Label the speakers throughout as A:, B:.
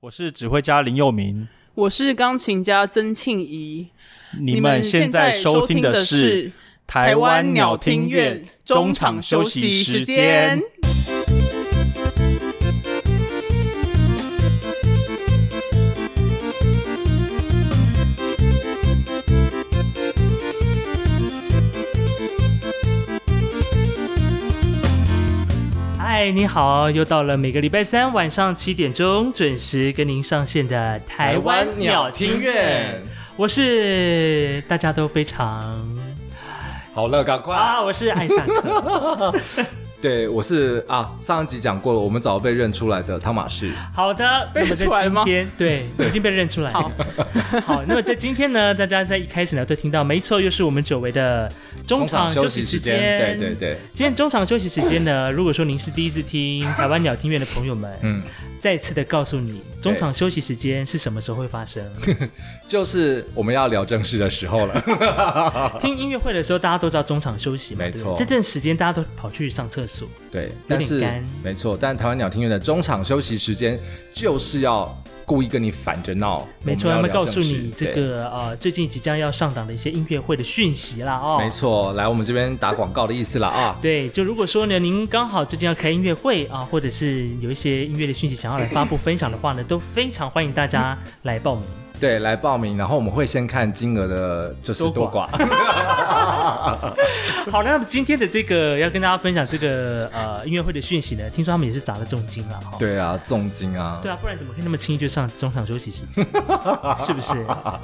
A: 我是指揮家林祐民，
B: 我是鋼琴家曾慶宜。
A: 你們現在收聽的是
B: 台灣鳥廳院中場休息時間。
C: 你好！又到了每個禮拜三晚上七點鐘準時跟您上線的台灣鳥廳院，台灣鳥廳院，我是大家都非常
D: 好樂趕快啊，我是艾薩克 對，我是啊，上一集講過了，我們早被認出來的湯瑪士。
C: 好的，被認出來嗎？對，已經
D: 被認出來了。 好，
C: 好，那麼在今天呢，大家在一開始呢，都聽到，沒錯，又是我們久違的中場休息時間。時間對對對。今天中場休息時間呢，哦、如果說您是第一次聽台灣鳥廳院的朋友們， 嗯。再次的告訴你，中場休息時間是什麼時候會發生？
D: 就是我們要聊正事的時候了。 聽音樂會的時候，大家都知道中場休息嘛，沒錯。這段
C: 時間大家都跑去上廁所，
D: 對，但是沒錯。但台灣鳥廳院的中場休息時間就是要。故意跟你反着鬧，沒錯錯，他們告訴你這
C: 個呃對、啊，最近即將要上檔的一些音樂會的訊息啦，哦，沒
D: 錯，來我們這邊打廣告的意思了 啊。對，就
C: 如果說呢，您剛好最近要開音樂會啊，或者是有一些音樂的訊息想要來發布分享的話呢， 都非常歡迎大家來報名。
D: 對，來報名，然後我們會先看金額的，就是多寡。多寡 好，那麼今天的這個要跟大家
C: 分享這個呃音樂會的訊息呢，聽說他們也是砸了重金了。
D: 哦、對啊，重金啊。對啊，不然怎
C: 麼可以那麼輕易就上中場休息時
D: 間？ 是不是？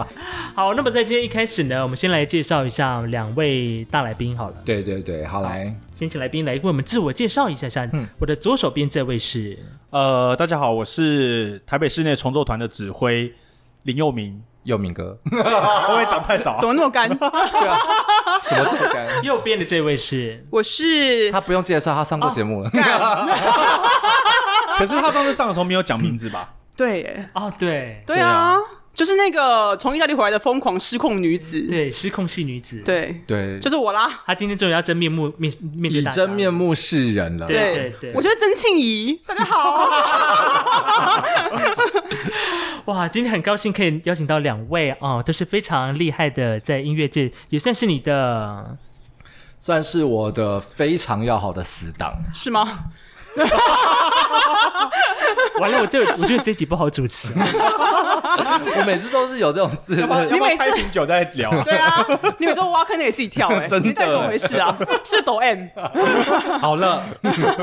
D: 好，那麼在今天一開
C: 始呢，我們先來介紹一下兩位大來賓好了。對對對，好，好起來，先請來賓來為我們自我介紹一下、下。嗯，我的左手邊這位是，
A: 呃，大家好，我是台北室內重奏團的指揮。林祐民，祐民哥，
B: 會不會講太少？怎麼那麼乾？什麼這麼
A: 乾？右邊的這位是，
B: 我是他
D: 不用介紹，他上過節目
B: 了。
D: 可是他上次上的時候沒有講名字吧？
B: 對哦對，對啊，就是那個從意大利回來的瘋狂失控女子，對，失控系女子，對對，就是我啦。他今天終於要真面目面面，以真
D: 面目示人
C: 了。對對，我
B: 覺得曾慶宜，大家
C: 好。哇，今天很高興可以邀請到兩位啊、哦，都是非常厲害的，在音樂界也算是你的，
D: 算是我的非常要好的死黨，是嗎？ 完了，我這我覺得這集不好主持。
B: 我每次
D: 都是有這種字，
B: 你每次開瓶
D: 酒在聊。 對
B: 啊，你每次挖坑你也自己跳哎、欸，真的你到底怎麼回事啊？是抖 M？
C: 好了，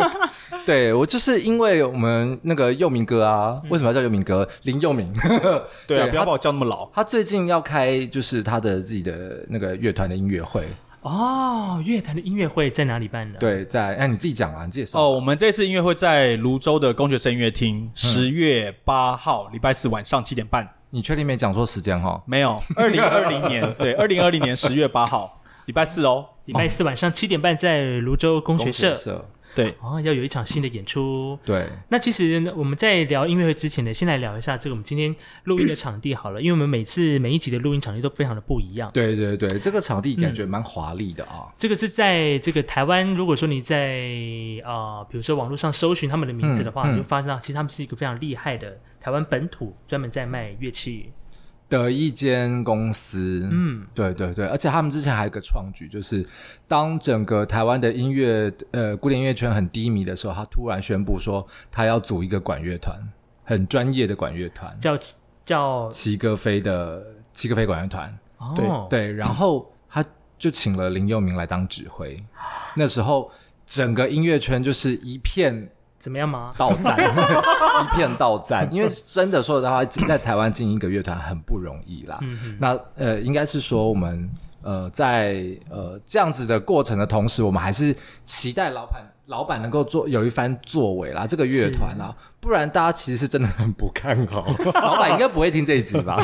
D: 對，我就是因為我們那個祐民哥啊，為什麼要叫祐民哥？嗯、林祐民， 對啊，對他不要把我叫那麼老。他最近要開就是他的自
A: 己的那個樂團的音樂會。
C: 哦，樂團的音樂會在哪裡辦呢？對，在
A: 哎、啊，你自己講啊，你自己說哦。我們這次音樂會在蘆洲的功學社音樂廳，十、嗯、月八號，禮拜四晚上七點半。你確定沒講錯時間哈、哦？沒有，二零二零年， 對，二零二零年十月八號， 禮拜四哦，禮拜四
C: 晚上七點半，在蘆洲功學社。對啊、哦，要有一場新的演出。對，那其實呢，我們在聊音樂會之前呢，先來聊一下這個我們今天錄音的場地好了， 因為我們每次每一集的錄音場地都非常的不一樣。
D: 對對對，這個場地感覺蠻華麗的啊。嗯、
C: 這個是在這個台灣，如果說你在啊、呃，比如說網絡上搜尋他們的名字的話，嗯嗯、你就發現到其實他們是一個非常厲害的台灣本土，專門在賣樂器。
D: 的一間公司，嗯，對對對，而且他們之前還有一個創舉，就是當整個臺灣的音樂，呃，古典音樂圈很低迷的時候，他突然宣布說，他要組一個管樂團，很專業的管樂團，叫叫齊格飛的齊格飛管樂團，哦、對對，然後他就請了林祐民來當指揮，啊、那時候整個音樂圈就是一片。怎麼樣嗎？倒讚，讚 一片倒讚。 因為真的說的話，在台灣經營一個樂團很不容易啦。嗯、哼那呃，應該是說我們呃，在呃這樣子的過程的同時，我們還是期待老板，老闆能夠做有一番作為啦，這個樂團啦，是不然大家其實是真的很不看好。 老闆應該不會聽這一集吧？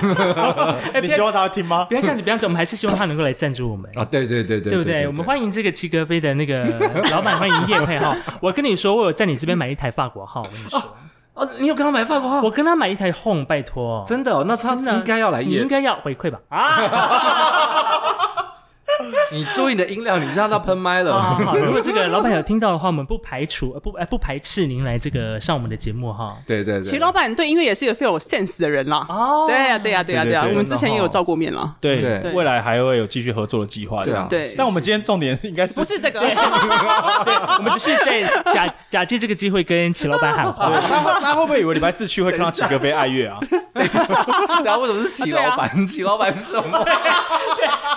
D: 欸、你希望他要聽嗎？別這樣子，別這樣子，我
C: 們還是希望他能夠來贊助我們 啊！對對對對，對不對？對對對對我們歡迎這個齊格飛的那個老闆 歡迎業配哈！我跟你說，我有在你這邊買一台法國號，我跟你說，哦、啊啊，你有跟他買法國號？我跟他買一台 Home，拜託，真的哦，哦那他應該要來，應該要回饋吧？啊！ 你注意你的音量，你這樣都噴麥了。如果這個老闆有聽到的話，我們不排除不不排斥您來這個上我們的節目哈。對對對，齊
B: 老闆對音樂也是一個非常有 sense 的人啦。哦，對呀對呀對呀對呀，我們之前也有照過面了。對，未
A: 來還會有繼續合作的計劃這樣。對，但我們今天重點應該是不是
B: 這個？對，我們就是在
A: 假假借這個機會跟齊老闆喊話。他會不會以為禮拜四去會看到
C: 齊格
D: 飛愛樂啊？對，然後為什麼是齊老闆？齊老闆是什麼？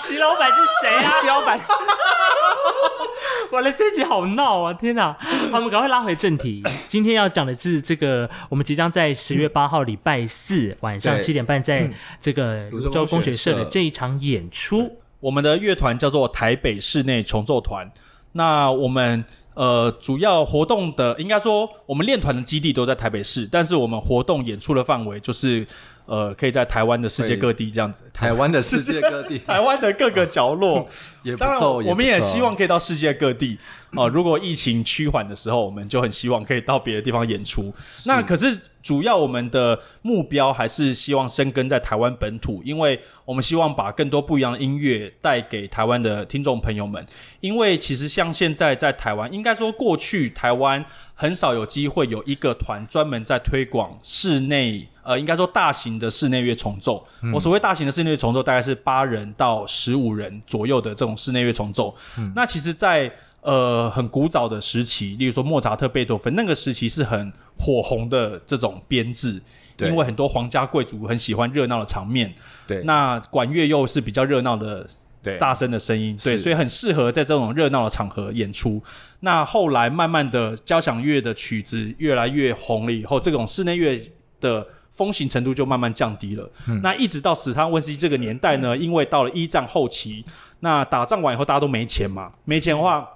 C: 齊老闆是誰？齊老闆， 完了，這集好鬧啊！天哪！好，我們趕快拉回正題。 今天要講的是這個，我們即將在十月八
A: 號禮拜四晚上七點半，在
C: 這個蘆洲功學社的這
A: 一場演出。嗯、我們的樂團叫做台北室內重奏團。那我們呃，主要活動的應該說，我們練團的基地都在台北市，但是我們活動演出的範圍就是。呃，可以在台灣的世界各地這樣子。對台灣的世界各地，是 台灣的各個角落，嗯、當然我們也希望可以到世界各地哦、呃。如果疫情趨緩的時候，我們就很希望可以到別的地方演出。是那可是主要我們的目標還是希望生根在台灣本土，因為我們希望把更多不一樣的音樂帶給台灣的聽眾朋友們。因為其實像現在在台灣，應該說過去台灣。很少有機會有一個團專門在推廣室內，呃，應該說大型的室內樂重奏。嗯、我所謂大型的室內樂重奏，大概是八人到十五人左右的這種室內樂重奏。嗯、那其實在，在呃很古早的時期，例如說莫扎特、貝多芬那個時期是很火紅的這種編制，對因為很多皇家貴族很喜歡熱鬧的場面。對，那管樂又是比較熱鬧的。對大聲的聲音，對，是所以很適合在這種熱鬧的場合演出。那後來慢慢的，交響樂的曲子越來越紅了以後，這種室內樂的風行程度就慢慢降低了。嗯、那一直到史特拉汶斯基這個年代呢，因為到了一戰後期，那打仗完以後大家都沒錢嘛，沒錢的話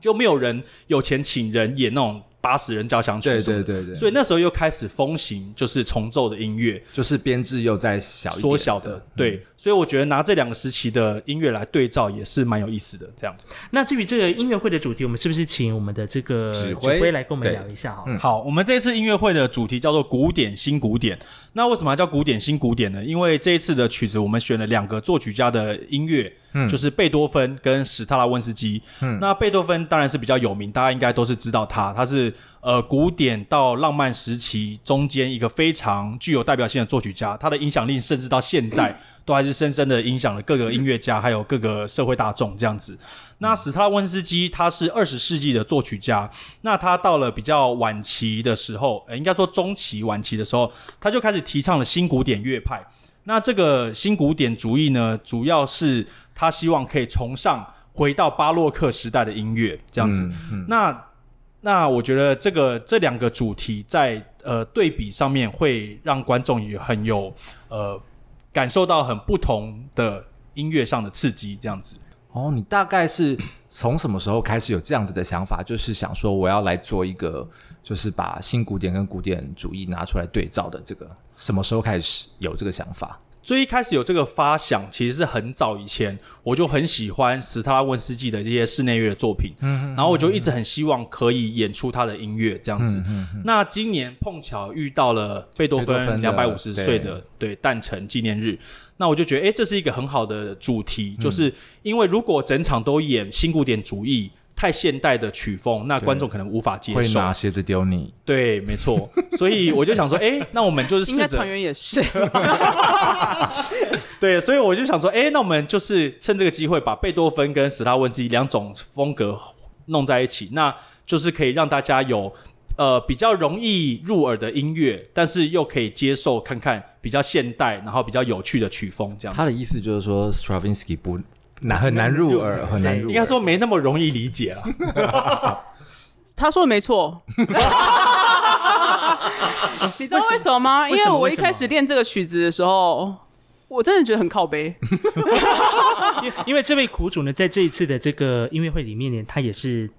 A: 就沒有人有錢請人演那種。八十人交響曲，對，對對對對，所以那時候又開始風行，就是重奏的音樂，就是編制又再小一點，縮小的，嗯、對。所以我覺得拿這兩個時期的音樂來對照也是蠻有意思的。這樣子，那至於這個音樂會的主題，我們是不是請我們的這個指揮，指揮來跟我們聊一下哈？嗯、好，我們這一次音樂會的主題叫做古典新古典。那為什麼還叫古典新古典呢？因為這一次的曲子我們選了兩個作曲家的音樂。嗯，就是貝多芬跟史特拉汶斯基。嗯，那貝多芬當然是比較有名，大家應該都是知道他。他是呃古典到浪漫時期中間一個非常具有代表性的作曲家，他的影響力甚至到現在都還是深深的影響了各個音樂家，嗯，還有各個社會大眾這樣子。那史特拉汶斯基他是二十世紀的作曲家，那他到了比較晚期的時候，呃，欸，應該說中期晚期的時候，他就開始提倡了新古典樂派。那這個新古典主義呢，主要是他希望可以崇尚回到巴洛克時代的音樂這樣子。嗯嗯、那那我覺得這個這兩個主題在呃對比上面，會讓觀眾也很有呃感受到很不同的音樂上的刺激這樣子。哦，你大概是
D: 從什麼時候開始有這樣子的想法？就是想說我要來做一個，就是把新古典跟古典主義拿出來對照的這個，什麼時候開始有這個想法？
A: 最一開始有這個發想，其實是很早以前，我就很喜歡史特拉汶斯基的這些室內樂的作品，嗯、哼然後我就一直很希望可以演出他的音樂這樣子。嗯、哼那今年碰巧遇到了貝多芬兩百五十歲的，歲的對誕辰紀念日，那我就覺得，誒、欸、這是一個很好的主題，就是因為如果整場都演新古典主義。太現代的曲風，那觀眾可能無法接受。會拿鞋子丟你？對，沒錯。所以我就想說，哎、 欸，那我們就是試著。應該團
B: 員也是。
A: 對，所以我就想說，哎、欸，那我們就是趁這個機會把貝多芬跟史特拉汶斯基兩種風格弄在一起，那就是可以讓大家有呃比較容易入耳的音樂，但是又可以接受看看比較現代，然後比較有趣的曲風這樣。他
D: 的意思就是說，史特拉汶斯基
A: 不。難很難入耳，很難應該說沒那麼容易理解了。
B: 對他說的沒錯， 你知道為什麼嗎？為什麼？因為我一開始練這個曲子的時候，我真的覺得很靠杯
C: 因為這位苦主呢，在這一次的這個音樂會裡面呢，他也是。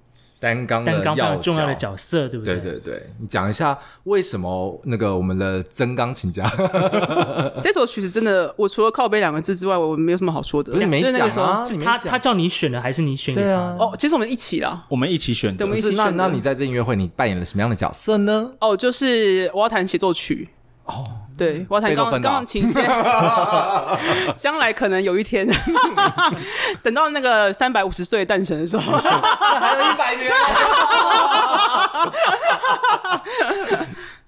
C: 單鋼的單重要的
D: 角色，對不對？對對對，你講一下為什麼那個我們的曾鋼琴家， 這首
B: 曲子真的，我除了靠杯兩個字之外，我沒有什麼好說的。你沒講麼、啊、他他
D: 叫你選的還是你
C: 選的？
B: 對啊。哦，其實我們一起啦，
D: 我們一起選
B: 的。我們一起選那，那你
D: 在這音樂會你扮演了什麼樣的角色
B: 呢？哦，就是我要彈協奏曲。哦。對，我要彈鋼鋼琴先。將 來可能有一天， 等到那個三百五十歲誕生的時候， 嗯、還有一百年。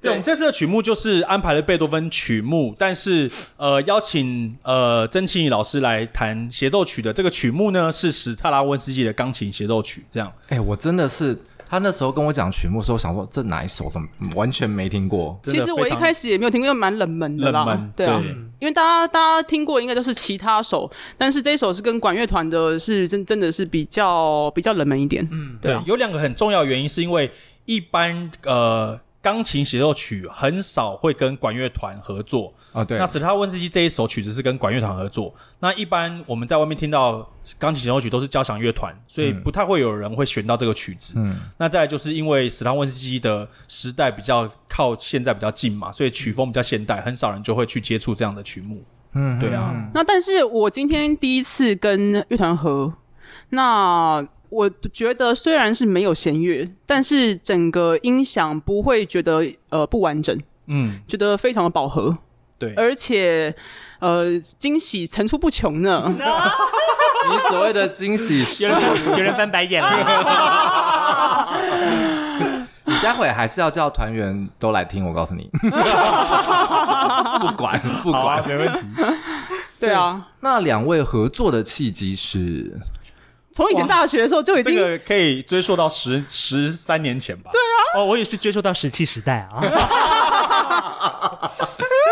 B: 對，我們
A: 這次的曲目就是安排了貝多芬曲目，但是呃，邀請呃曾慶宜老師來彈協奏曲的這個曲目呢，是史特拉汶斯基的鋼琴協奏曲。這樣，哎、
D: 欸，我真的是。他那時候跟我講曲目的時候，想說這哪一首？怎麼完全沒聽過？真的，其實我一開
B: 始也沒有聽過，因為蠻冷門的啦。冷門，對啊，對因為大家大家聽過應該都是其他首，但是這一首是跟管樂團的是真真的是比較比較冷門一點。嗯，對
A: 啊。對，有兩個很重要原因，是因為一般呃。鋼琴協奏曲很少會跟管樂團合作啊、哦，對。那史特拉汶斯基這一首曲子是跟管樂團合作。那一般我們在外面聽到鋼琴協奏曲都是交響樂團，所以不太會有人會選到這個曲子。嗯。那再來就是因為史特拉汶斯基的時代比較靠現在比較近嘛，所以曲風比較現代，很少人就會去接觸這樣的曲目。嗯，
B: 對啊。嗯嗯嗯、那但是我今天第一次跟樂團合，那。我覺得雖然是沒有弦樂，但是整個音響不會覺得呃不完整，嗯，覺得非常的飽和，對，而且呃驚喜層出不窮呢。
D: 啊、你所謂的驚喜是 有人翻白眼
C: 了。
D: 你待會還是要叫團員都來聽，我告訴你 不，不管不管、啊，沒問題。 對啊，那兩位合作的
A: 契機是。
B: 從以前大學
A: 的時候就已經，這個可以追溯到十十三年前吧。對啊，哦，我也是追溯到石器時代啊。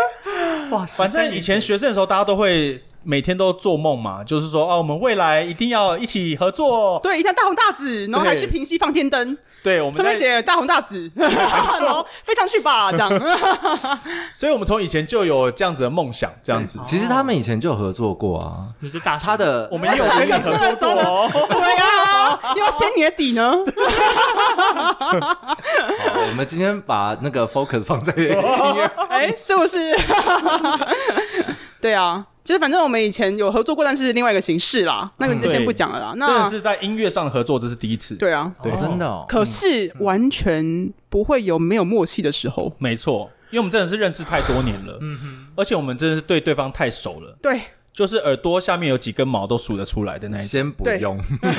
B: 哇，反正以前
A: 學生的時候，大家都會每天都做夢嘛，就是說啊，我們未來一定要一起合作，
B: 對，一定要大紅大紫，然後還去平溪放天燈，對我們上面寫大紅大紫，沒錯，飛上去吧這樣，所以
A: 我們從以前就有這樣子的夢想，這樣子。其實他們以前就有合作過
B: 啊，他的我們也有合作，有啊，要先年底呢，
D: 我們今天把那個 focus 放在
B: 哎，是不是？ 對啊，其實反正我們以前有合作過，但是,是另外一個形式啦，嗯、那個你就先不講了啦。對那真的是在音樂上合作，這是第一次。對啊，對，真的、哦。可是完全不會有沒有默契的時候。哦嗯嗯、沒錯，因
A: 為我們真的是認識太多年了， 嗯嗯哼而且我們真的是對對方太熟了。對，就是耳朵下面有幾根毛都數得出來的那一。先不用。
B: 對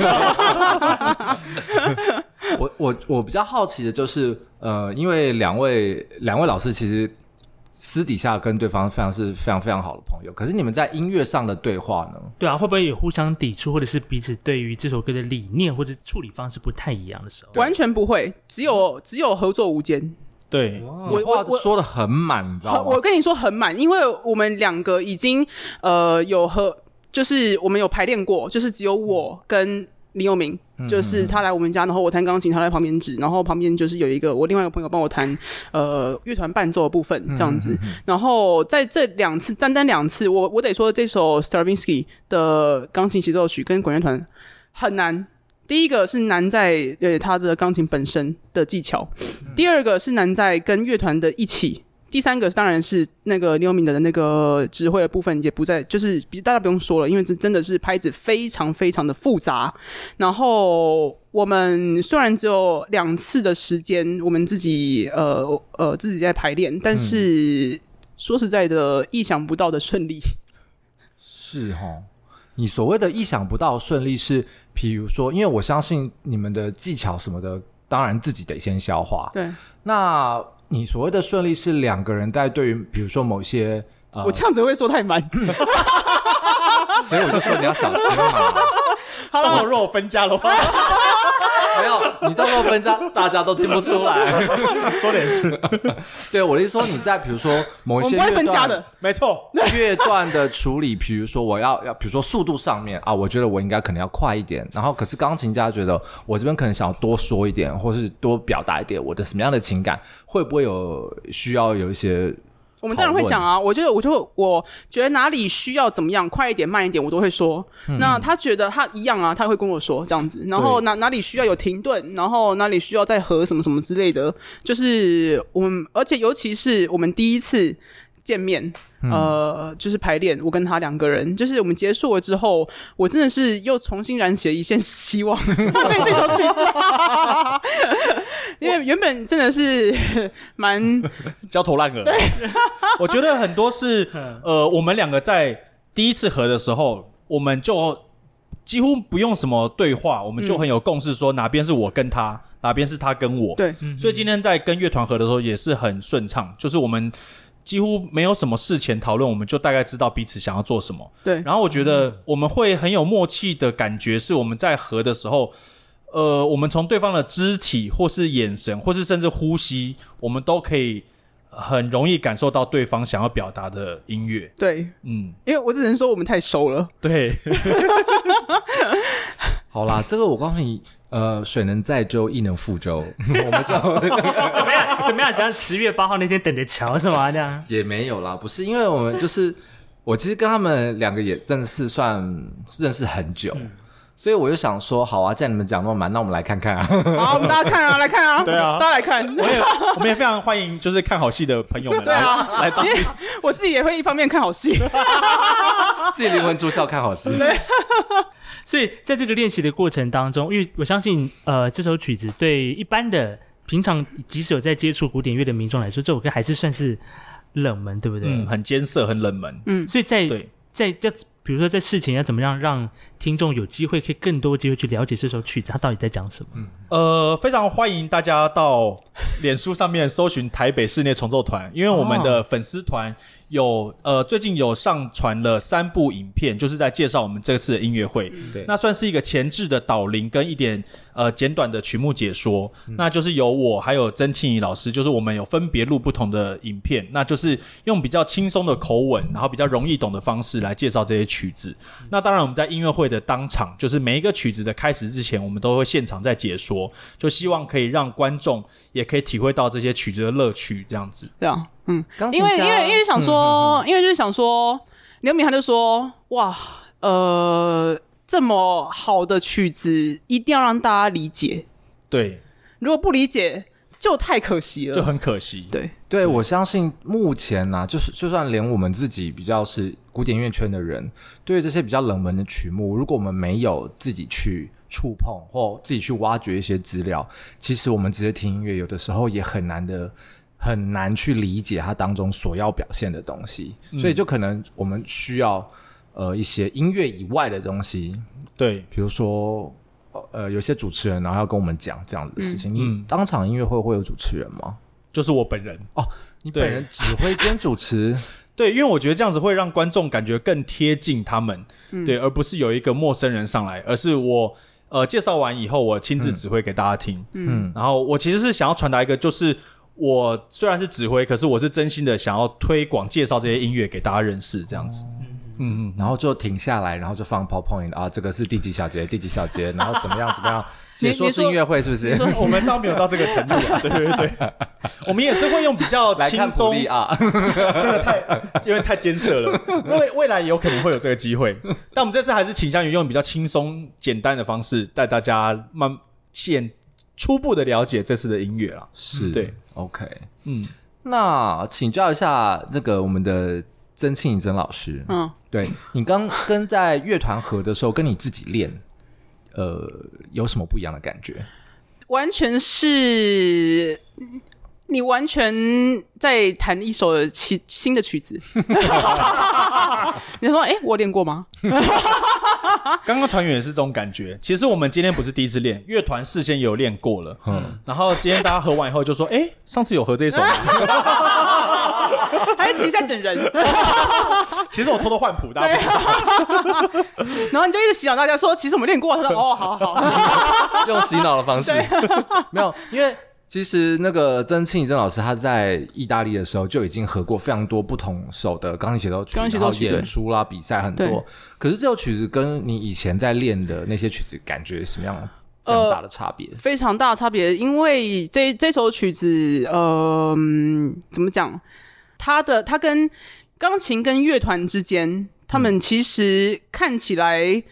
A: 我我
D: 我比較好奇的就是，呃，因為兩位兩位老師其實。私底下跟對方非常是非常非常好的朋友，可是你們在音樂上的對話呢？對啊，會不會有
C: 互相抵觸，或者是彼此對於這首歌的理念或者處理方式不太一樣的時
B: 候？對完全不會，只有只有合作無間。對 wow, 我，我，我話說的很滿，你知道嗎？我跟你說很滿，因為我們兩個已經呃有合，就是我們有排練過，就是只有我跟。林祐民，就是他來我們家，然後我彈鋼琴，他在旁邊指，然後旁邊就是有一個我另外一個朋友幫我彈，呃，樂團伴奏的部分這樣子。然後在這兩次，單單兩次，我我得說這首 Stravinsky 的鋼琴協奏曲跟管樂團很難。第一個是難在呃他的鋼琴本身的技巧，第二個是難在跟樂團的一起。第三個當然是那個祐民的那個指揮的部分也不在，就是大家不用說了，因為這真的是拍子非常非常的複雜。然後我們雖然只有兩次的時間，我們自己呃呃自己在排練，但是說實在的，意想不到的順利。嗯。
D: 是哦，你所謂的意想不到順利是，譬如說，因為我相信你們的技巧什麼的，當然自己得先消化。對，那。你所謂的順利是兩個人在對於，比如說某些，呃、
B: 我這樣子會說太滿，所以我就說你要小心嘛。h e l 如果我分家的話。 沒有，你到時候分家，
A: 大家都聽不出來。說點事，
D: 對，我的意思說，你在比如說某一些樂段我分家的，沒錯，樂段的處理，比如說我要要，比如說速度上面啊，我覺得我應該可能要快一點。然後可是鋼琴家覺得我這邊可能想要多說一點，或是多表達一點我的什麼樣的情感，會不會有需要有一些？
B: 我們當然會講啊，討論我覺得，我就我覺得哪裡需要怎麼樣，快一點、慢一點，我都會說。嗯、那他覺得他一樣啊，他會跟我說這樣子。然後哪對哪裡需要有停頓，然後哪裡需要再合什麼什麼之類的，就是我們，而且尤其是我們第一次，見面，嗯、呃，就是排練。我跟他兩個人，就是我們結束了之後，我真的是又重新燃起了一線希望。對這首曲子，因為原本真的是蠻我 焦頭爛額。
A: 對， 我覺得很多是，呃，我們兩個在第一次合的時候，我們就幾乎不用什麼對話，我們就很有共識，說哪邊是我跟他，哪邊是他跟我。對，所以今天在跟樂團合的時候也是很順暢，就是我們。幾乎沒有什麼事前討論，我們就大概知道彼此想要做什麼。對，然後我覺得我們會很有默契的感覺，是我們在合的時候，呃，我們從對方的肢體，或是眼神，或是甚至呼吸，我們都可以很容易感受到對方想要表達的音樂。
B: 對，嗯，因為我只能說我們太熟了。對。
D: 好啦，這個我告訴你，呃，水能載舟，亦能覆舟，我們就
C: 怎麼樣怎麼樣，怎麼樣，講十月八號那天等着瞧，是嗎？這樣、
D: 啊、也沒有啦，不是，因為我們就是 我其實跟他們兩個也正式算認識很久。嗯所以我就想說，好啊，既然你們講那麼滿，那我們來看看啊。好， 我們大家看啊，來看
B: 啊。對啊，大家來看。 我也，
A: 我們也非常歡迎，就是看好戲的朋友們來。來啊，來當。
B: 我自己也會一方面看好戲，
A: 自己靈魂出竅看好戲。 對。
C: 所以在這個練習的過程當中，因為我相信，呃，這首曲子對一般的平常即使有在接觸古典樂的民眾來說，這首歌還是算是冷門，對不對？嗯，很艱澀，很冷門。嗯，
A: 所以在對在這。
C: 比如說這事情要怎麼樣讓聽眾有機會可以更多機會去了解這首曲子，它到底在講什麼？嗯，
A: 呃，非常歡迎大家到臉書上面搜尋台北室內重奏團，因為我們的粉絲團，哦。有呃，最近有上傳了三部影片，就是在介紹我們這次的音樂會，嗯。對，那算是一個前置的導聆跟一點呃簡短的曲目解說。嗯、那就是由我還有曾慶宜老師，就是我們有分別錄不同的影片，那就是用比較輕鬆的口吻，然後比較容易懂的方式來介紹這些曲子。嗯、那當然，我們在音樂會的當場，就是每一個曲子的開始之前，我們都會現場在解說，就希望可以讓觀眾也可以體會到這些曲子的樂趣，這樣子。
B: 對啊、嗯。嗯，因為因為因為想說，嗯、哼哼因為就是想說，劉敏他就說，哇，呃，這麼好的曲子一定要讓大家理解。對，如果不理解就太可惜了，就很
A: 可惜。
D: 對，對我相信目前呢、啊，就是就算連我們自己比較是古典音樂圈的人，對於這些比較冷門的曲目，如果我們沒有自己去觸碰或自己去挖掘一些資料，其實我們直接聽音樂，有的時候也很難的。很難去理解它當中所要表現的東西，嗯、所以就可能我們需要呃一些音樂以外的東西，對，比如說呃有些主持人然後要跟我們講這樣子的事情。嗯、
A: 你當場音樂會會有主持人嗎？就是我本人哦，你本人指揮兼主持，對， 對，因為我覺得這樣子會讓觀眾感覺更貼近他們，嗯、對，而不是有一個陌生人上來，而是我呃介紹完以後我親自指揮給大家聽，嗯，嗯然後我其實是想要傳達一個就是。我雖然是指揮，可是我是真心的想要推廣、介紹這些音樂給大家認識，這樣子。嗯嗯然後就停下來，然後就放 PowerPoint，
D: 啊，這個是第幾小節，第幾小節，然後怎麼樣怎麼樣。 你，說你說是音樂會是不是？說我們倒沒有到這個程度，啊， 對對
A: 對， 我們也是會用比較輕鬆。 啊、 這個太因為太艱澀了，未未來有可能會有這個機會，但我們這次還是傾向於用比較輕鬆、簡單的方式帶大家慢現初步的了解這次的音樂了。是對，OK，嗯，那請教一下這個
D: 我們的曾慶宜老師，嗯，對你剛 跟在樂團合的時候，跟你自己練，呃，有什麼不一樣的感覺？
B: 完全是。你完全在彈一首的新的曲子， 你說哎、欸，我有練過嗎？
A: 剛剛團員也是這種感覺。其實我們今天不是第一次練，樂團事先也有練過了。嗯，然後今天大家合完以後就說，哎、欸，上次有合這一首嗎？
B: 還是其實在整人？
A: 其實我偷偷換譜大家。
B: 對 然後你就一直洗腦大家說，其實我們練過。他說哦，好好，好，
A: 用洗腦的方式，
B: 對 沒有，因為。
D: 其實那個曾慶珍老師，他在意大利的時候就已經合過非常多不同手的鋼琴協奏曲，然後演出啦、比賽很多。可是這首曲子跟你以前在練的那些曲子，感覺什麼樣？非常大的差別，
B: 呃，非常大的差別。因為這這首曲子，嗯、呃、怎麼講？它的它跟鋼琴跟樂團之間，他們其實看起來，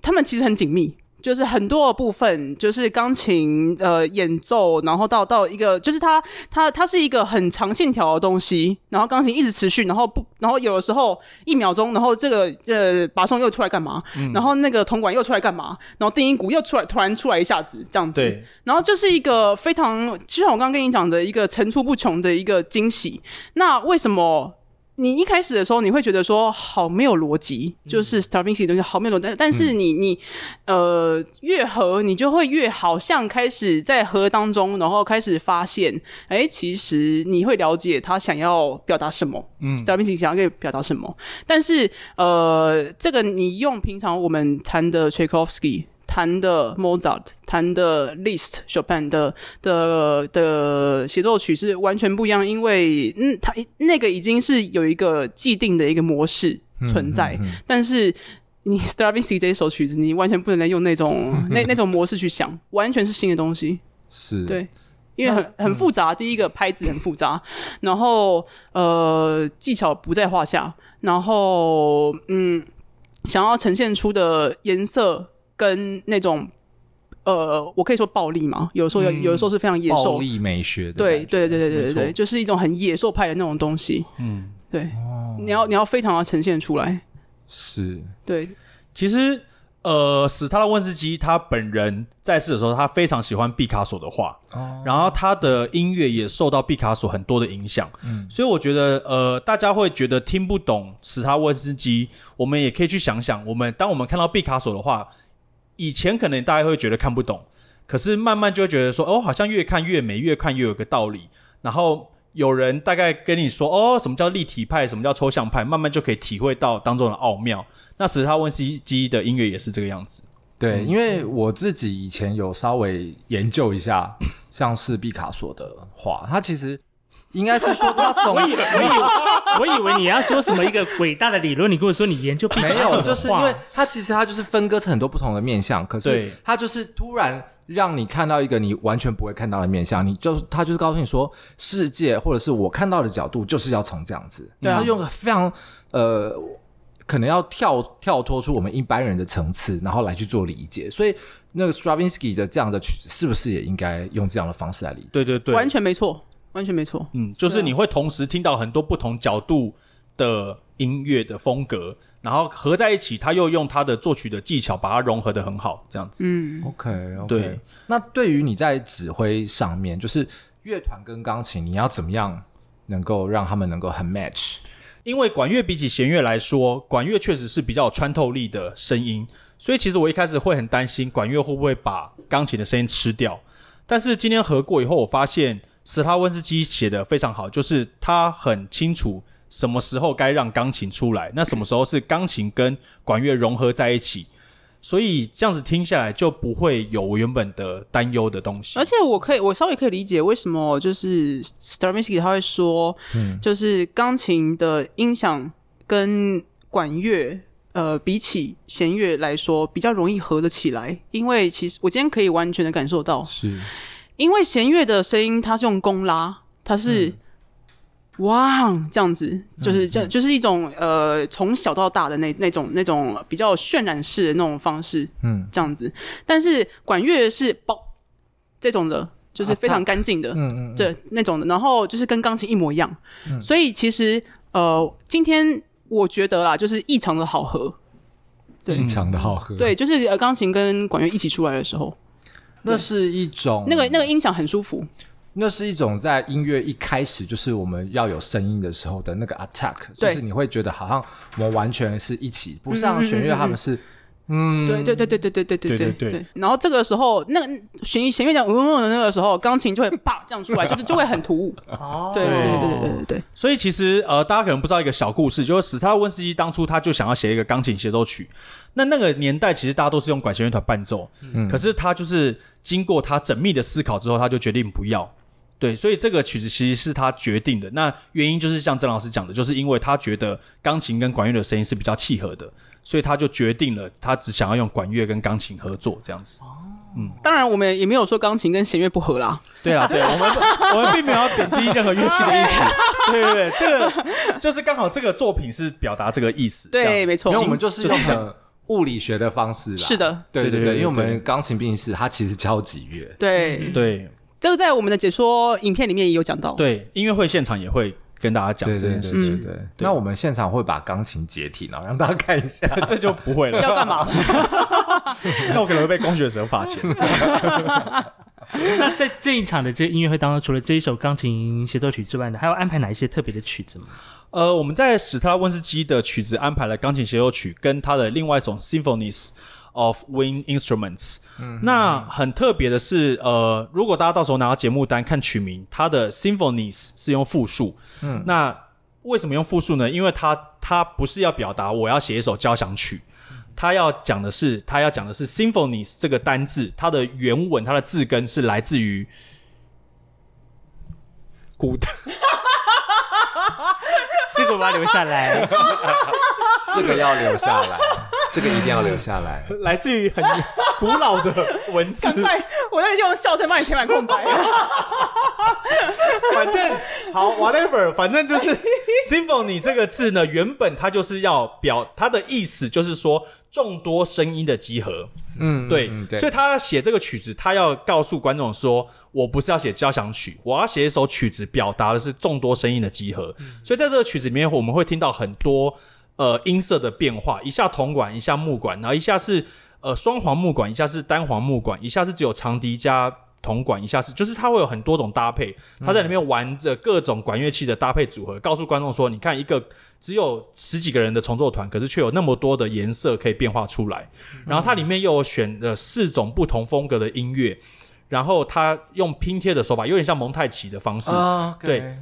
B: 他們其實很緊密。就是很多的部分，就是鋼琴呃演奏，然後到到一個，就是它它它是一個很長線條的東西，然後鋼琴一直持續，然後不，然後有的時候一秒鐘，然後這個呃巴松又出來幹嘛，然後那個銅管又出來幹嘛，然後定音鼓又出來，突然出來一下子這樣子，對然後就是一個非常，就像我剛剛跟你講的一個層出不窮的一個驚喜，那為什麼？你一開始的時候，你會覺得說好沒有邏輯，嗯、就是 Stravinsky 的東西好沒有邏輯，嗯、但是你你呃越合，你就會越好像開始在合當中，然後開始發現，哎、欸，其實你會了解他想要表達什麼 Stravinsky 想要給表達什麼。但是呃，這個你用平常我們彈的 Tchaikovsky。彈的 Mozart，彈的 List，Chopin 的的的協奏曲是完全不一樣，因為嗯，他那個已經是有一個既定的一個模式存在，嗯嗯嗯、但是你 Stravinsky 這一首曲子，你完全不能再用那種 那那種模式去想，完全是新的東西。是，對，因為很那很複雜，嗯、第一個拍子很複雜，然後呃技巧不在話下，然後嗯想要呈現出的顏色。跟那種，呃，我可以說暴力嘛，有時候有，嗯、有的時候是非常野獸暴力
D: 美學的對。
B: 對對對對對對，沒錯。就是一種很野獸派的那種東西。嗯，對，哦、你要你要非常的呈現出來。
A: 是，
B: 對。其實，
A: 呃，史特拉汶斯基他本人在世的時候，他非常喜歡畢卡索的畫，哦、然後他的音樂也受到畢卡索很多的影響。嗯，所以我覺得，呃，大家會覺得聽不懂史特拉汶斯基，我們也可以去想想，我們當我們看到畢卡索的畫。以前可能大家會覺得看不懂，可是慢慢就會覺得說，哦，好像越看越美，越看越有個道理。然後有人大概跟你說，哦，什麼叫立體派，什麼叫抽象派，慢慢就可以體會到當中的奧妙。那史特拉汶斯基的音樂也是這個樣子。對，
D: 因為我自己以前有稍微研究一下，像是畢卡索的畫，他其實。 應該是說他從， 我以為，
C: 我以為你要做什麼一個偉大的理論，你跟我說你研究並 沒有，就是因
D: 為它其實它就是分割成很多不同的面相，可是它就是突然讓你看到一個你完全不會看到的面相，你就是他就是告訴你說世界或者是我看到的角度就是要從這樣子，嗯、對，他用個非常呃可能要跳跳脫出我們一般人的層次，然後來去做理解，所以那個 Stravinsky 的這樣的曲子是不是也應該用這樣的
A: 方式來理解？對對對，
B: 完全沒錯。完全沒錯，
A: 嗯，就是你會同時聽到很多不同角度的音樂的風格，啊、然後合在一起，他又用他的作曲的技巧把它融合得很好，這樣子，
D: 嗯，OK，OK。對。
A: 那對於你在指揮
D: 上面，就是樂團跟鋼琴，你要怎麼樣能夠讓他們能夠很 match？
A: 因為管樂比起弦樂來說，管樂確實是比較有穿透力的聲音，所以其實我一開始會很擔心管樂會不會把鋼琴的聲音吃掉，但是今天合過以後，我發現。史特拉汶斯基寫得非常好，就是他很清楚什麼時候該讓鋼琴出來，那什麼時候是鋼琴跟管樂融合在一起，所以這樣子聽下來就不會有我原本的擔憂的東
B: 西。而且我可以，我稍微可以理解為什麼就是史特拉汶斯基，他會說，嗯，就是鋼琴的音響跟管樂，呃，比起弦樂來說比較容易合得起來，因為其實我今天可以完全的感受到是，因為弦樂的聲音，它是用弓拉，它是、嗯、哇這樣子，就是這，嗯嗯、就是一種呃從小到大的那那種那種比較渲染式的那種方式，嗯，這樣子。但是管樂是包這種的，就是非常乾淨的，嗯、啊、嗯，嗯對那種的。然後就是跟鋼琴一模一樣，嗯、所以其實呃，今天我覺得啦，就是異常的好喝，
D: 對，異常的好喝，
B: 對，對就是呃鋼琴跟管樂一起出來的時候。那是一種那個那個音響很舒服。
D: 那是一種在音樂一開始，就是我們要有聲音的時候的那個 attack，對就是你會覺得好像我們完全是一起，不像弦樂他們是嗯嗯嗯嗯。.
A: 嗯，對對對
B: 對對對對對對對，對，對、嗯、對對。然後這個時候，那個弦弦樂講嗡嗡的那個時候，鋼琴就會啪這樣出來，就是就會很突兀。哦，對對對對對。
A: 所以其實呃，大家可能不知道一個小故事，就是史特溫斯基當初他就想要寫一個鋼琴協奏曲，那那個年代其實大家都，都是用管弦樂團伴奏，嗯，可是他就是經過他縝密的思考之後，他就決定不要。對，所以這個曲子，其實是他決定的。那原因就是像曾老師講的，就是因為他覺得鋼琴跟管樂的聲音是比較契合的，所以他就決定了，他只想要用管樂跟鋼琴合作這樣子。哦，嗯，
B: 當然我們也沒有說鋼琴跟弦樂不合啦。
A: 對啊，對，我們我們並沒有要貶低任何樂器的意思。對對對，這個就是剛好這個作品是表達這個意思。對，沒錯，因為我們就是用講物理學的方
D: 式。是的，對對對，因為我們鋼琴畢竟是它其實敲擊樂。對對。
B: 這個在我們的解說影片裡面也有講到，
D: 對，音樂會現場也會跟大家講這件事情。對，對，對，對，對，嗯，那我們現場會把鋼琴解體，然後讓大家看一下， 這就不會了，要幹嘛？ 那 我可能會被功學社發現。那在這
C: 一場的這個音樂會當中，除了這一首鋼琴協奏曲之外呢，還要安排哪一些特別的曲子嗎？
A: 呃，我們在史特拉汶斯基的曲子安排了鋼琴協奏曲跟他的另外一種 Symphonies of Wind Instruments。嗯、哼那很特別的是，呃，如果大家到時候拿到節目單看曲名，他的 Symphonies 是用複數。嗯、那為什麼用複數呢？因為它它不是要表達我要寫一首交響曲。他要講的是，他要講的是 “symphonies” 這個單字，它的原文，它的字根是來自於“古
C: 代”。這個我要留下來，
B: 這個要留下來，
D: 這個一定要留下來。嗯、
B: 來自於很
A: 古老的文
B: 字。對， 我在這用笑聲幫你填滿空白。 反正好，whatever，反正就是 “Symphony”。
A: 你 這個字呢，原本它就是要表它的意思，就是說眾多聲音的集合。嗯，對嗯，嗯，對，所以他寫這個曲子，他要告訴觀眾說，我不是要寫交響曲，我要寫一首曲子，表達的是眾多聲音的集合。嗯。所以在這個曲子裡面，我們會聽到很多呃音色的變化，一下銅管，一下木管，然後一下是呃雙簧木管，一下是單簧木管，一下是只有長笛加銅管一下是，就是它會有很多種搭配，他在裡面玩着各種管樂器的搭配組合，嗯、告訴觀眾說，你看一個只有十幾個人的重奏團，可是卻有那麼多的顏色可以變化出來。然後它裡面又選了四種不同風格的音樂，嗯、然後它用拼貼的手法，有點像蒙太奇的方式，哦 okay、對，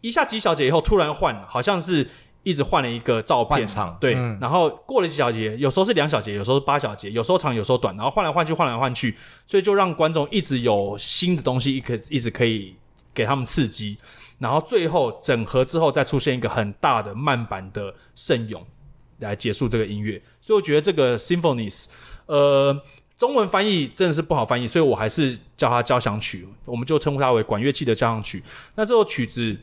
A: 一下幾小節以後突然換了好像是。一直換了一個照片場，對，嗯、然後過了幾小節，有時候是兩小節，有時候是八小節，有時候長，有時候短，然後換來換去，換來換去，所以就讓觀眾一直有新的東西，一可一直可以給他們刺激，然後最後整合之後再出現一個很大的慢板的聖詠，來結束這個音樂。所以我覺得這個 Symphonies 呃，中文翻譯真的是不好翻譯，所以我還是叫它交響曲，我們就稱呼它為管樂器的交響曲。那這首曲子。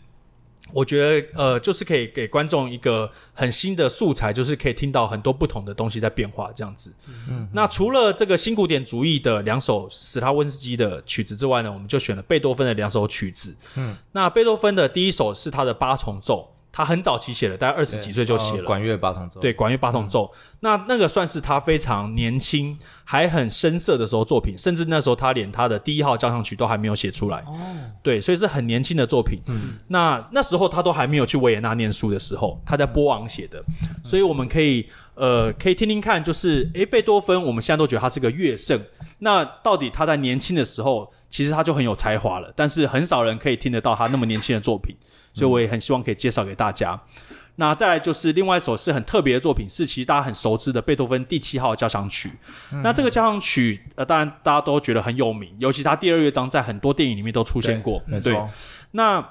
A: 我覺得呃，就是可以給觀眾一個很新的素材，就是可以聽到很多不同的東西在變化這樣子。嗯、嗯。那除了這個新古典主義的兩首史特拉汶斯基的曲子之外呢，我們就選了貝多芬的兩首曲子。嗯。那貝多芬的第一首是他的八重奏。他很早期寫的，大概二十幾歲就寫了呃、《管樂八重奏》。對，《管樂八重奏》嗯、那那個算是他非常年輕還很生澀的時候作品，甚至那時候他連他的第一號交響曲都還沒有寫出來。哦、對，所以是很年輕的作品。嗯、那那時候他都還沒有去維也納念書的時候，他在波昂寫的，嗯、所以我們可以。呃，可以聽聽看，就是誒，貝多芬，我們現在都覺得他是個樂聖。那到底他在年輕的時候，其實他就很有才華了，但是很少人可以聽得到他那麼年輕的作品，所以我也很希望可以介紹給大家。嗯、那再來就是另外一首是很特別的作品，是其實大家很熟知的貝多芬第七號交響曲。嗯、那這個交響曲，呃，當然大家都覺得很有名，尤其他第二樂章在很多電影裡面都出現過，沒錯。那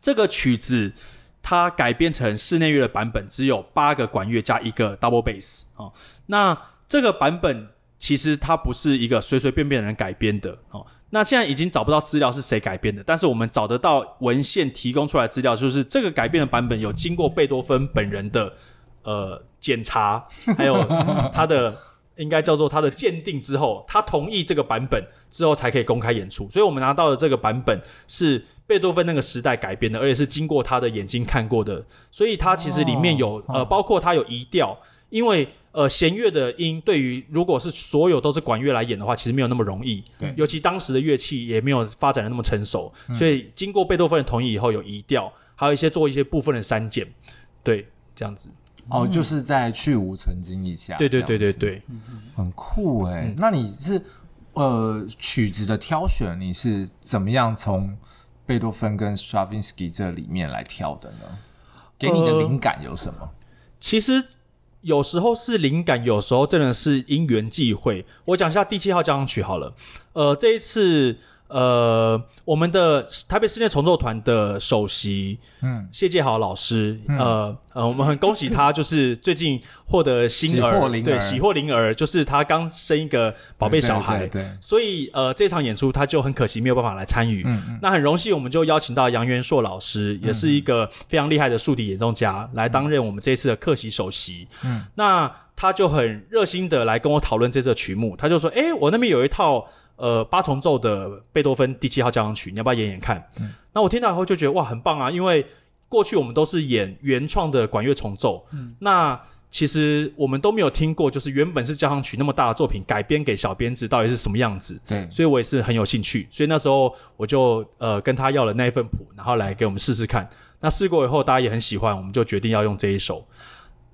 A: 這個曲子。它改編成室內樂的版本，只有八個管樂加一個 double bass 哦，那這個版本其實它不是一個隨隨便便的人改編的哦，那現在已經找不到資料是誰改編的，但是我們找得到文獻提供出來的資料，就是這個改編的版本有經過貝多芬本人的呃檢查，還有他的。 應該叫做他的鑑定之後，他同意這個版本之後才可以公開演出。所以，我們拿到的這個版本是貝多芬那個時代改編的，而且是經過他的眼睛看過的。所以，它其實裡面有、oh, 呃，包括它有移調，因為呃，弦樂的音對於如果是所有都是管樂來演的話，其實沒有那麼容易。對，尤其當時的樂器也沒有發展得那麼成熟，所以經過貝多芬的同意以後有移調，還有一些做一些部分的刪減，對，這樣子。哦，嗯、就
D: 是在去無曾經一下，對對對對對，對，很酷哎、欸。嗯、那你是呃曲子的挑選，你是怎麼樣從貝多芬跟 Stravinsky 這裡面來挑的呢？給你的靈感有什麼、呃？
A: 其實有時候是靈感，有時候真的是因緣際會。我講一下第七號交響曲好了。呃，這一次。呃，我們的台北室內重奏團的首席，嗯，謝介豪老師，嗯、呃、嗯、呃，我們很恭喜他，就是最近獲得星兒， 喜兒對，喜獲麟兒，就是他剛生一個寶貝小孩，對，對，對，對，對，所以呃，這場演出他就很可惜沒有辦法來參與，嗯，那很榮幸我們就邀請到楊元碩老師，嗯、也是一個非常厲害的豎笛演奏家，嗯、來擔任我們這次的客席首席，嗯，那他就很熱心的來跟我討論這次的曲目，他就說，哎，我那邊有一套。呃，八重奏的貝多芬第七號交響曲，你要不要演演看？嗯、那我聽到以後就覺得哇，很棒啊！因為過去我們都是演原創的管樂重奏，嗯、那其實我們都沒有聽過，就是原本是交響曲那麼大的作品改編給小編制到底是什麼樣子。對，所以我也是很有興趣。所以那時候我就呃跟他要了那一份譜，然後來給我們試試看。那試過以後，大家也很喜歡，我們就決定要用這一首。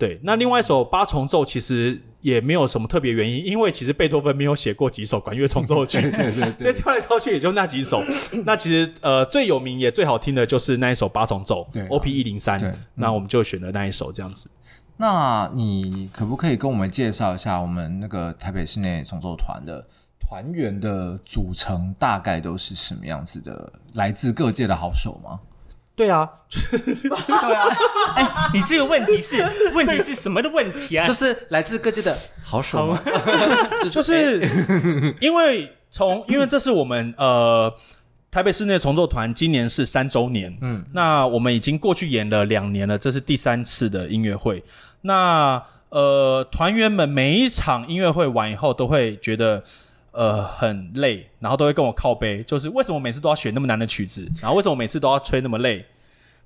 A: 對，那另外一首八重奏其實也沒有什麼特別原因，因為其實貝多芬沒有寫過幾首管樂重奏曲，所以挑來挑去也就那幾首。 那其實呃最有名也最好聽的就是那一首八重奏，對、啊，OP 一零三。3, 對那我們就選了那一首這樣子。嗯、那你可不可以跟我們介紹一下我們那個
D: 台北室內重奏團的團員的組成大概都是什麼樣子的，來自各界的好手嗎？
A: 對啊， 對啊， 對啊，哎、
C: 欸，你這個問題是 問題是什麼的問題啊？就是來自各界的
A: 好手，就是因為從因為這是我們、嗯、呃台北室內重奏團今年是三周年，嗯，那我們已經過去演了兩年了，這是第三次的音樂會，那呃團員們每一場音樂會完以後都會覺得。呃，很累，然後都會跟我靠杯，就是為什麼每次都要選那麼難的曲子，然後為什麼每次都要吹那麼累？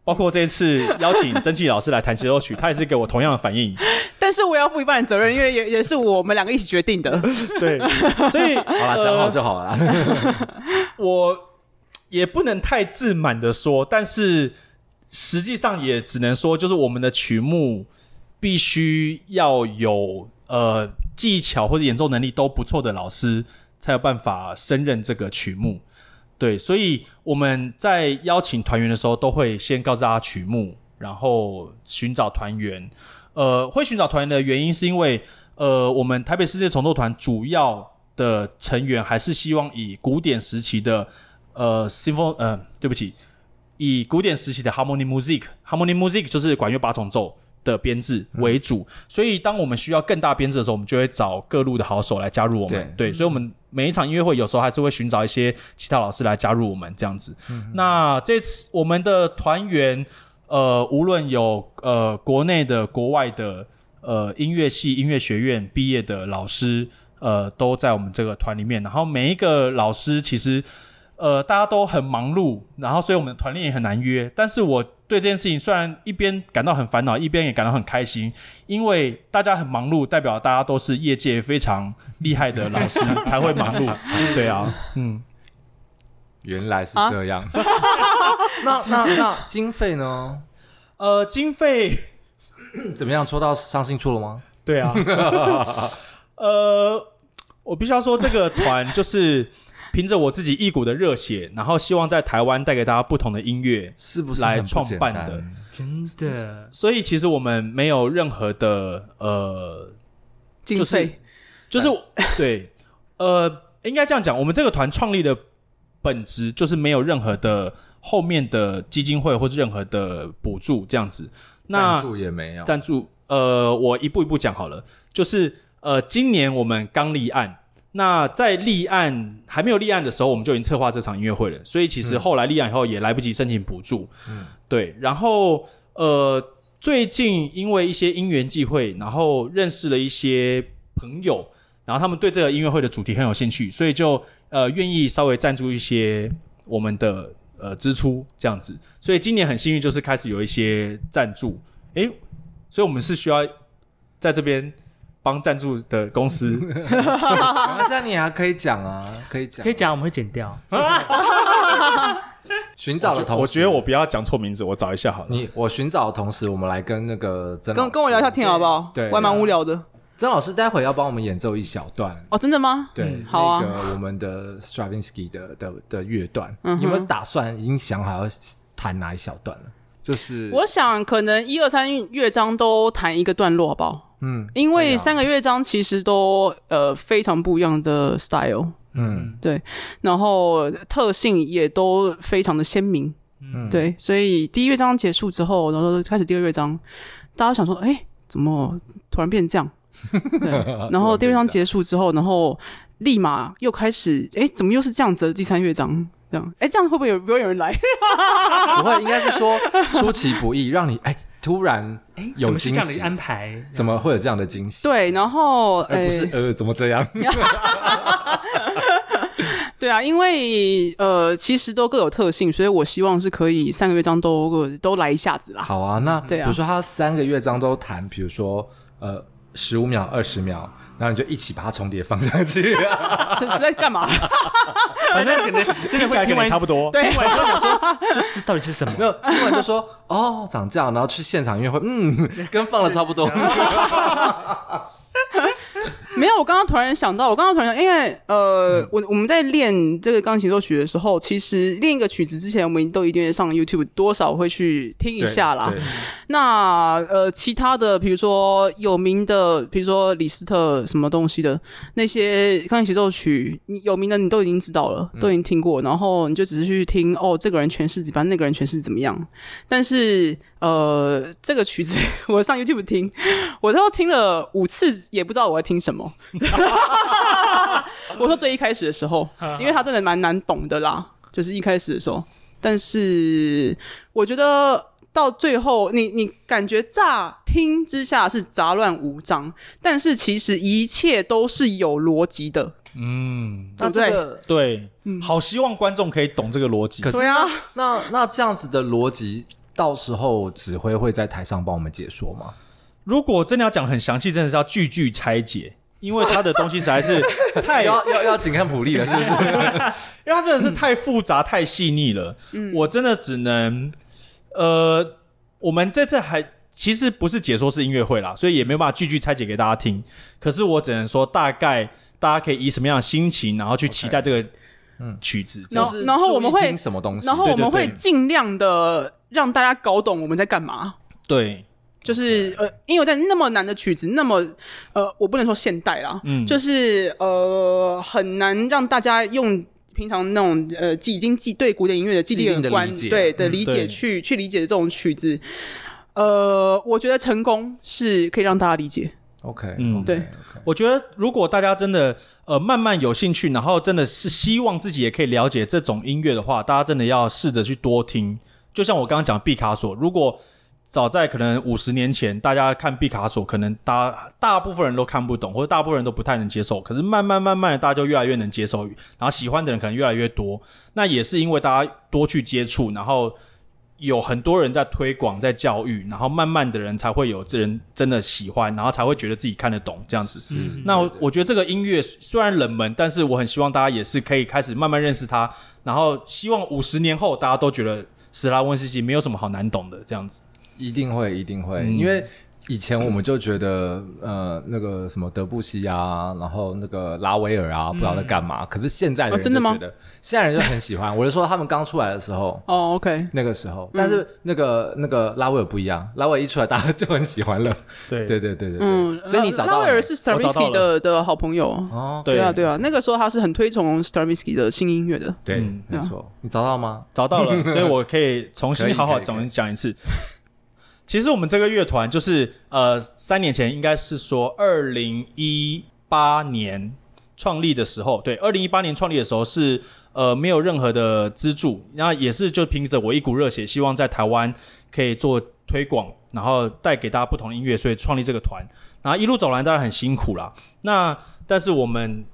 A: 包括這一次邀請曾慶宜老師來彈這首曲， 他也是給我同樣的反應。
B: 但是我要負一半責任，嗯、因為也也是我們兩個一起決定的。對，所以、 呃、好啦，這樣好就好了啦。 我
A: 也不能太自滿的說，但是實際上也只能說，就是我們的曲目必須要有呃。技巧或者演奏能力都不錯的老師，才有辦法勝任這個曲目。對，所以我們在邀請團員的時候，都會先告知他曲目，然後尋找團員。呃，呃、會尋找團員的原因，是因為呃，我們台北室內重奏團主要的成員還是希望以古典時期的呃，symphony，呃，對不起，以古典時期的 harmony music，harmony music 就是管樂八重奏，的編制為主，嗯、所以當我們需要更大編制的時候，我們就會找各路的好手來加入我們。對，對，所以我們每一場音樂會有時候還是會尋找一些其他老師來加入我們這樣子。嗯、哼那這次我們的團員，呃，無論有呃國內的、國外的，呃音樂系、音樂學院畢業的老師，呃都在我們這個團裡面。然後每一個老師其實，呃，大家都很忙碌，然後所以我們的團練也很難約。但是我。對這件事情，雖然一邊感到很煩惱，一邊也感到很開心，因為大家很忙碌，代表大家都是業界非常厲害的老師 才，才會忙碌。 對啊，嗯，原來是這樣。那那那
D: 經費呢？呃，經費
A: 怎麼樣？戳到傷心處了嗎？對啊， 呃，我必須要說，這個團就是。憑着我自己一股的熱血，然後希望在台灣帶給大家不同的音樂，是不是來創辦的？
C: 真的，
A: 所以其實我們沒有任何的呃經費費、就是，就是唉對呃，應該這樣講，我們這個團創立的本質就是沒有任何的後面的基金會或者任何的補助這樣子。那贊助也沒有。贊助，呃，我一步一步講好了，就是呃，今年我們剛立案。那在立案還沒有立案的時候，我們就已經策劃這場音樂會了。所以其實後來立案以後也來不及申請補助。嗯，對。然後呃，最近因為一些因緣際會，然後認識了一些朋友，然後他們對這個音樂會的主題很有興趣，所以就呃願意稍微贊助一些我們的呃支出這樣子。所以今年很幸運，就是開始有一些贊助。哎、欸，所以我們是需要在這邊。幫贊助的公司、 嗯，等一下你還可以講啊，可以講、啊，可以講，我們會剪掉。
D: 尋 找的了 同時，我覺得我不要講錯名字，我找一下好了。你我尋找的同時，我們來跟那個曾老師跟跟我聊一下天好不好？對，對啊、我還蠻無聊的。曾老師待會要幫我們演奏一小段
B: 哦，真的嗎？對，嗯好啊、那個
D: 我們的 Stravinsky 的的樂段，嗯、哼你有沒有打算已經想好要彈哪一小段了？就是我
B: 想可能一二三樂章都彈一個段落好不好？嗯，因為三個樂章其實都呃非常不一樣的 style，嗯，對，然後特性也都非常的鮮明，嗯，對，所以第一樂章結束之後，然後開始第二樂章，大家想說，哎，怎麼突然變這樣？ 然後第二章結束之後，然後立馬又開始，哎，怎麼又是這樣子的第三樂章？這樣，哎，這樣會不會有不會有人來？ 不會，應
D: 該是說出其不意，讓你，哎，突然。
B: 有驚喜安排，
D: 怎麼會有這樣的驚喜？
B: 對，然後呃，不是、欸、
D: 呃，怎麼這樣？
B: 對啊，因為呃，其實都各有特性，所以我希望是可以三個樂章都、呃、都來一下子啦。好啊，那，對啊。比如說他
D: 三個樂章都彈，比如說呃，十五秒、二十秒。然後你就一起把它重疊放上去，
B: 實在幹嘛？ 反正 可能真的聽起來差不多。對，聽完都想
D: 說， 這到底是什麼？沒有，聽完就說哦長這樣，然後去現場音樂會，嗯， 跟放的差不多。
B: 沒有，我剛剛突然想到，我剛剛突然想，因為呃，嗯、我我們在練這個鋼琴奏曲的時候，其實練一個曲子之前，我們都一定會上 YouTube，多少會去聽一下啦。那呃，其他的比如說有名的，比如說李斯特什麼東西的那些鋼琴協奏曲，你有名的你都已經知道了，都已經聽過，嗯、然後你就只是去聽哦，這個人詮釋一般，那個人詮釋怎麼樣，但是，呃，這個曲子我上 YouTube 聽，我都聽了五次，也不知道我在聽什麼。 我說最一開始的時候，因為他真的蠻難懂的啦，就是一開始的時候。但是我覺得到最後，你你感覺乍聽之下是雜亂無章，但是其實一切都是有邏輯的。嗯，對不、這個、對？
A: 對、嗯，好希望觀眾可以懂這個
D: 邏輯。對啊是，那 那，那這樣子的邏輯。到時候指揮會在台上幫我
A: 們解說嗎？如果真的要講很詳細，真的是要句句拆解，因為他的東西實在是太要要要請看譜例了，是不、 就是？因為他真的是太複雜、 太細膩了。我真的只能，呃，我們這次還其實不是解說是音樂會啦，所以也沒有辦法句句拆解給大家聽。可是我只能說，大概大家可以以什麼樣的心情，然後去期待這個。Okay. 嗯，曲子，然後然後我們會然後我們會
B: 盡量的讓大家搞懂我們在幹嘛。對，
A: 對，對，
B: 就是 Okay. 呃，因為在那麼難的曲子，那麼呃，我不能說現代啦，嗯，就是呃，很難讓大家用平常那種呃，已經既對古典音樂的既定、定的觀對的理解去，嗯，去理解這種曲子。呃，我覺得成功是可以讓大家理解。OK，嗯，對，Okay, okay. 我覺得如果大家
A: 真的呃慢慢有興趣，然後真的是希望自己也可以了解這種音樂的話，大家真的要試着去多聽。就像我剛剛講的畢卡索，如果早在可能五十年前，大家看畢卡索，可能大大部分人都看不懂，或者大部分人都不太能接受。可是慢慢慢慢的，大家就越來越能接受，然後喜歡的人可能越來越多。那也是因為大家多去接觸，然後，有很多人在推廣、在教育，然後慢慢的人才會有這人真的喜歡，然後才會覺得自己看得懂這樣子。那我覺得這個音樂雖然冷門，但是我很希望大家也是可以開始慢慢認識它，然後希望五十年後大家都覺得史特拉汶斯基沒有什麼好難懂的這樣子。一定會，一定會，
D: 嗯、因為。以前我們就覺得，呃，那個什麼德布西啊，然後那個拉威爾啊，不知道在幹嘛。可是現在人就覺得，真的嗎？，現在人就很喜歡。我就說他們剛出來的時候，哦，OK，那個時候。但是那個那個拉威爾不一樣，拉威爾一出來，大家就很喜歡了。對對對嗯，
B: 所以你找到拉威爾是 Stravinsky 的的好朋友。哦，對啊對啊，那個時候他是很推崇 Stravinsky 的新音樂的。對，沒錯，你找到嗎？
A: 找到了，所以我可以重新好好講講一次。其實我們這個樂團就是呃，三年前應該是說二零一八年創立的時候，對，二零一八年創立的時候是呃沒有任何的資助，那也是就憑着我一股熱血，希望在台灣可以做推廣，然後帶給大家不同的音樂，所以創立這個團。然後一路走來當然很辛苦啦，那但是我們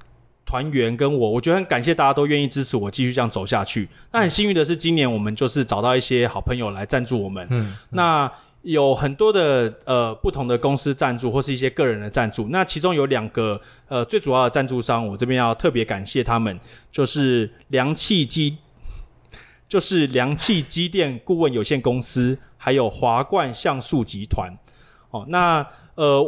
A: 團員跟我，我覺得很感謝大家都願意支持我繼續這樣走下去。那很幸運的是今年我們就是找到一些好朋友來贊助我們，嗯，那。嗯有很多的呃不同的公司贊助或是一些個人的贊助，那其中有兩個呃最主要的贊助商，我這邊要特別感謝他們，就是良氣機，就是良氣機電顧問有限公司，還有華冠像素集團。哦，那呃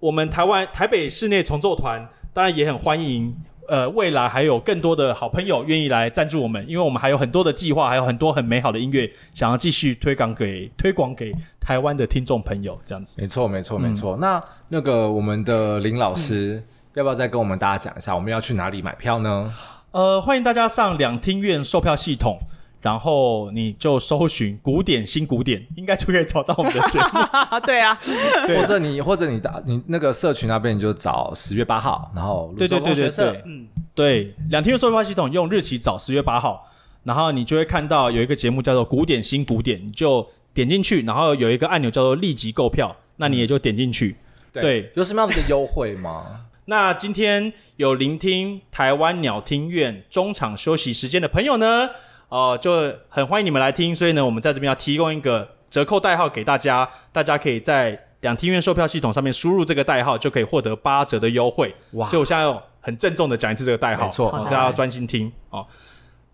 A: 我們台灣台北室內重奏團當然也很歡迎。呃，未來還有更多的好朋友願意來贊助我們，因為我們還有很多的計劃，還有很多很美好的音樂想要繼續推廣給推廣給台灣的聽眾朋友，這樣子。沒錯，沒錯，沒錯。嗯、那那個我們的林老師，嗯、要不要再跟我們大家講一下我們要去哪裡買票呢？呃，歡迎大家上兩廳院售票系統。然後你就搜尋古典新古典，應該就可以找到我們的節目。
B: 對啊，對啊，或，
D: 或者你或者你打你那個社群那邊，你就找十月八號，然後對，
B: 對對對對對，嗯，
A: 對，兩廳院的售票系統用日期找十月八號，然後你就會看到有一個節目叫做古典新古典，你就點進去，然後有一個按鈕叫做立即購票，那你也就點進去。對，對。有什麼樣子的優惠嗎？ 那今天有聆聽台灣鳥廳院中場休息時間的朋友呢？哦、呃，就很歡迎你們來聽，所以呢，我們在這邊要提供一個折扣代號給大家，大家可以在兩廳院售票系統上面輸入這個代號，就可以獲得八折的優惠。哇！所以我現在要很鄭重的講一次這個代號，沒錯，大家，哦、要專心聽哦。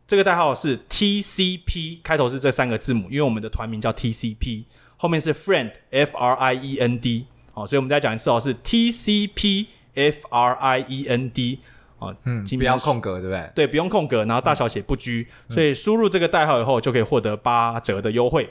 A: 這個代號是 TCP 開頭是這三個字母，因為我們的團名叫 TCP，後面是 friend F R I E N D，好，哦，所以我們再講一次哦，是 TCP，F R I E N D。哦，嗯，不要空格，對不對？對，不用空格，然後大小寫不拘，嗯，所以輸入這個代號以後，就可以獲得八折的優惠，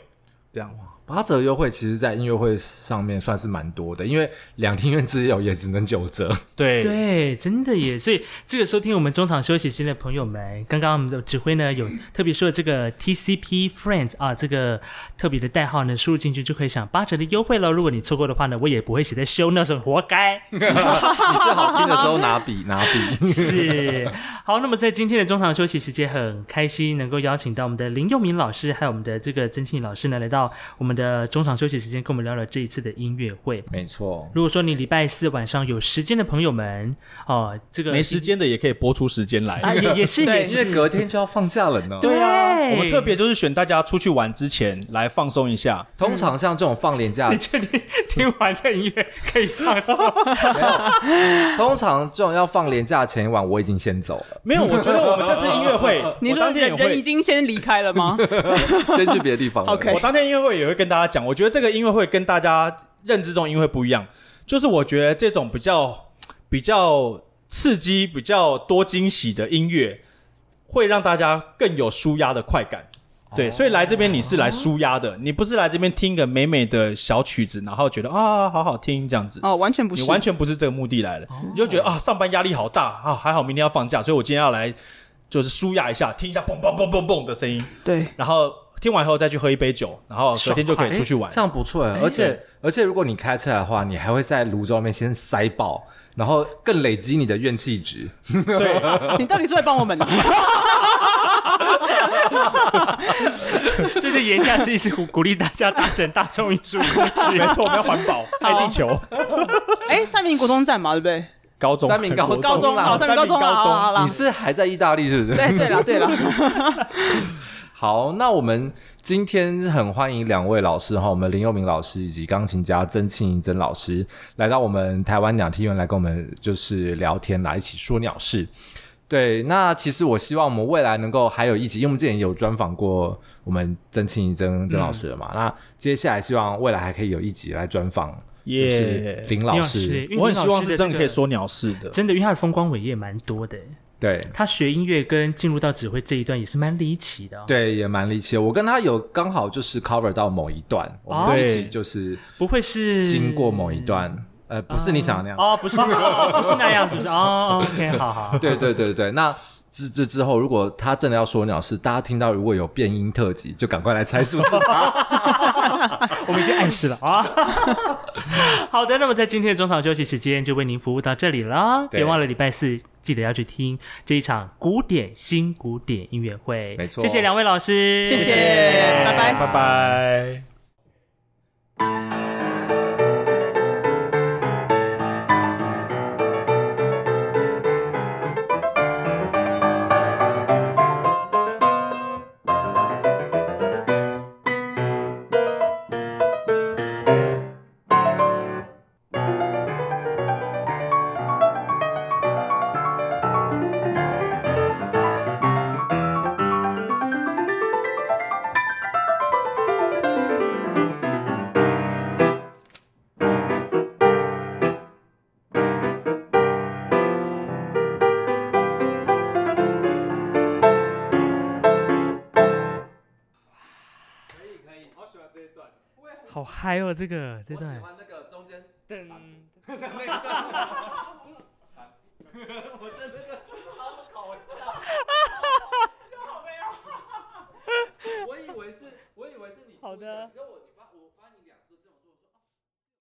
A: 這樣。八折優惠，其實，在音樂會
D: 上面算是蠻多的，因為兩廳院之友也只能九折。對對，真的
C: 耶！ 所以這個收聽我們中場休息時間的朋友們，剛剛我們的指揮呢，有特別說的這個 TCP Friends 啊，這個特別的代號呢，輸入進去就可以享八折的優惠了。如果你錯過的話呢，我也不會寫在 show note 上，活該！
B: 你最好聽的時候拿
D: 筆，拿筆
C: 是。好，那麼在今天的中場休息時間，很開心能夠邀請到我們的林祐民老師，還有我們的這個曾慶老師呢，來到我們的中場休息時間，跟我們聊聊這一次的
A: 音樂會。沒錯，
C: 如果說你禮拜四晚上有時間的朋友們，哦，這個沒時
A: 間的也可以撥出時間來。也也是，也是，隔天就要放假了呢。對啊，我們特別就是選大家出去玩之前來放鬆一下。通常像這種放連假，你確
C: 定
B: 聽完這音樂可以放
A: 鬆？通常這種要放連
D: 假前一晚，我已經先走了。沒有，我
B: 覺得我們這次音樂會，你說人人已經先離開
A: 了嗎？先去別的地方。OK，我當天音樂會也會跟。跟大家講，我覺得這個音樂會跟大家認知中的音樂會不一樣，就是我覺得這種比較比較刺激、比較多驚喜的音樂，會讓大家更有舒壓的快感。哦、對，所以來這邊你是來舒壓的，哦、你不是來這邊聽個美美的小曲子，然後覺得啊、哦，好好聽這樣子
B: 哦，完全不是，你完全
A: 不是這個目的來的，哦、你就覺得、哦、啊，上班壓力好大啊，還好明天要放假，所以我今天要來就是舒壓一下，聽一下嘣嘣嘣嘣嘣的聲音，對，然後。聽完後再去喝一杯酒，然後隔天就可以出去玩，這樣
D: 不錯。而且而且，如果你開車的話，你還會在路中間先塞爆，然後更累積你的怨氣值。
B: 對，你到底是會幫我們呢？
C: 就是言下之意是鼓鼓勵大家發展大眾運輸。沒錯，我們要環保愛地
D: 球。
B: 哎，三民國中站嗎？對不對？
D: 高
C: 中，三民高高中啊，
B: 三民高中啊，你是
D: 還在意大利是不是？對對了對
B: 了。
D: 好，那我們今天很歡迎兩位老師哈、哦，我們林祐民老師以及鋼琴家曾慶宜老師來到我們台灣鳥廳院來跟我們就是聊天，來一起說鳥事。對，那其實我希望我們未來能夠還有一集，因為我們之前有專訪過我們曾慶宜曾老師了嘛，嗯、那接下來希望未來還可以有一集來專訪，就是林老師，yeah, 老師我很希望真正可以說鳥事的、這個，真的，因為他的風光偉
C: 業蠻多的。對，他學音樂跟進入到指揮這一段也是蠻離奇的哦。對，也
D: 蠻離奇的。我跟他有剛好就是 cover 到某一段，我們一起就是不會是經過某一段，哦、呃，不是你想的那樣
C: 哦，不是，哦、不是那樣子， 就是哦，OK，好好好，對對
D: 對對，那。之之之後，如果他真的要說鳥事，大家聽到如果有變音特輯，就趕快來猜是不是他。 我們已經暗示
C: 了啊。 好的，那麼在今天的中場休息時間，就為您服務到這裡了。別對忘了禮拜四記得要去聽這一場古典新古典音樂會。沒錯錯。謝謝兩位老師。謝謝。拜拜。拜拜。拜
A: 拜
C: 哦、這個，對對對。我喜歡
A: 那個中間等我
C: 真的超搞笑，
D: 笑
C: 我 我以為是，我以為是你。好的。那我，
D: 你幫我幫你兩次。